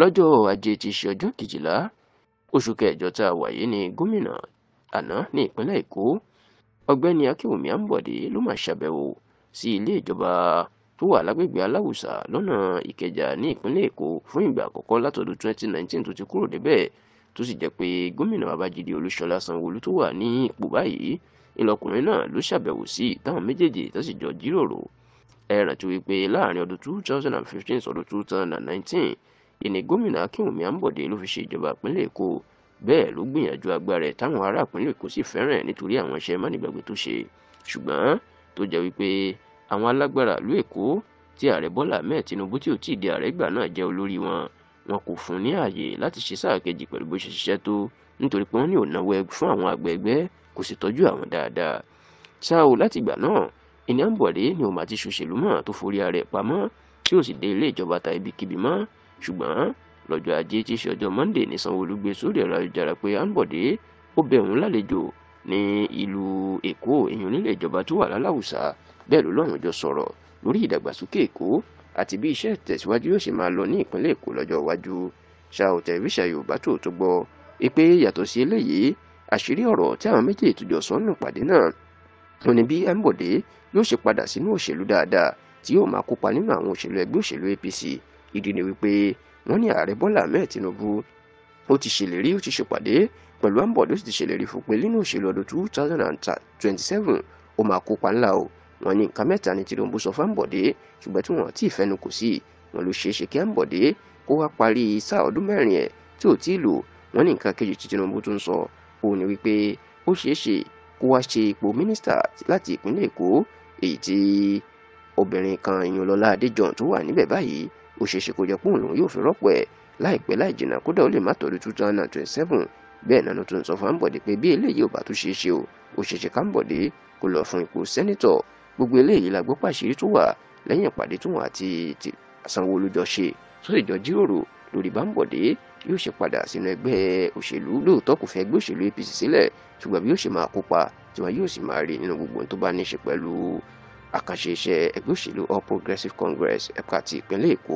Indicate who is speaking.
Speaker 1: lọ́jọ́ ajé ti ṣe ọjọ́ kejìlá oṣù kẹjọ tá a wà yìí ni gómìnà àná ní ìpínlẹ̀ èkó ọ̀gbẹ́ni akínwùmí àǹbọ̀dé ló máa ṣàbẹ̀wò sí ilé ìjọba tó wà lágbègbè aláwùsà lọ́nà ìkẹjà ní ìpínlẹ̀ èkó fún ìgbà àkọ́kọ́ látọdún 2019 tó ti kúrò débẹ̀ tó sì jẹ́ pé gómìnà babájídé olúṣọlá sanwóolu tó wà ní ipò báyìí ìlọkùnrin náà ló ṣàbẹ̀wò sí táwọn méjèèjì tó sì jọ jíròrò ẹ rántí wípé láàrin ọdún 2015 sọdún 2019 ìní gómìnà akínwùmí àǹbọ̀dé ló fi ṣe ìjọba ìpínlẹ̀ èkó bẹ́ẹ̀ ló gbìyànjú agbára ẹ̀ táwọn ará ìpínlẹ̀ èkó sì fẹ́ràn ẹ̀ nítorí àwọn iṣẹ́ mánigbàgbé tó ṣe ṣùgbọ́n tó jẹ́ wípé àwọn alágbára ìlú èkó tí ààrẹ bọ́lá ahmed tinubu tí ò tí ì di ààrẹ ìgbà náà jẹ́ olórí wọn wọn kò fún ní ààyè láti ṣe sáà kejì pẹ̀lú bó ṣe ṣiṣẹ́ tó nítorí pé wọ́n ní ònáwó fún àwọn àgbẹ̀ kò sì tọ́jú àwọn dáadáa ṣáà láti ìgbà náà ìní àǹbọ̀dé ni òun àti ṣòṣèlú mọ̀ tó forí ara pamọ́ tí ò sì dé ilé ìjọba ta ibikíbi mọ́ ṣùgbọ́n lọ́jọ́ ajé tí í ṣe ọjọ́ Monday ní Sanwó-Olú gbé sórí ẹ̀rọ ayélujára pé Àǹbọ̀dé ó bẹ òun lálejò ní ìlú Èkó èyàn nílé ìjọba tó wà láláwùsá bẹ́ẹ̀ ló lọ́rùn jọ sọ̀rọ̀ lórí ìdàgbàsókè Èkó àti bí iṣẹ́ ìtẹ̀síwájú yóò ṣe máa lọ ní ìpínlẹ̀ Èkó lọ́jọ́ iwájú ṣá ò tẹ̀lifíṣà Yorùbá tó tó gbọ́ pé yàtọ̀ sí eléyìí àṣírí ọ̀rọ̀ tí àwọn méjèèjì tó jọ sọ nù pàdé náà ó ní bí Àǹbọ̀dé yóò ṣe padà sínú òṣèlú dáadáa tí yóò máa kópa nínú àwọn òṣèlú ẹgbẹ́ òṣèlú APC ìdí ni wípé wọ́n ní ààrẹ Bọ́lá Ahmed Tinubu ó ti ṣèlérí ó ti ṣèpàdé pẹ̀lú Ambode ó sì ti ṣèlérí fún pé nínú òṣèlú ọdún two thousand and twenty-seven ó máa kópa ńlá o wọ́n ní nǹkan mẹ́ta ni Tinubu sọ fún Ambode ṣùgbọ́n tí wọ́n ti fẹnu kò sí wọ́n ló ṣeéṣe kí Ambode kó wá parí sáà ọdún mẹ́rin ẹ̀ tí ò tí ì lò wọ́n ní nǹkan kejì tí Tinubu tún sọ òun ni wípé ó ṣeéṣe kó wá ṣe ipò mínísítà láti ìpínlẹ̀ Èkó èyí tí obìnrin kan Ìyànlọ́lá Adéjọ̀n tó wà níbẹ̀ báyìí ó ṣeé ṣe kó jẹ́ pé òun yóò fi rọ́pò ẹ̀ láìpẹ́ láì jìnnà kódà ó lè má tọ́dún two thousand and twenty seven bẹ́ẹ̀ náà ló tún sọ fún Ambode pé bí eléyìí ò bá tún ṣeé ṣe o ó ṣeé ṣe kámbọ̀dé kó lọ fún ipò sẹ́nítọ̀ gbogbo eléyìí la gbọ́ pàṣírí tó wà lẹ́yìn ìpàdé tó wà àti Sanwó-Olú jọ ṣe tó sì jọ jíròrò lórí bá Ambode yóò ṣe padà sínú ẹgbẹ́ òṣèlú lóòótọ́ kò fẹ́ ẹgbẹ́ òṣèlú APC sílẹ̀ ṣùgbọ́n bí yóò ṣe máa kópa tí wọn yóò sì máa rí nínú gbogbo ohun tó bá ní ṣe pẹ̀lú àkànṣe iṣẹ́ ẹgbẹ́ òṣèlú All Progressives Congress ẹ̀ka ti ìpínlẹ̀ Èkó.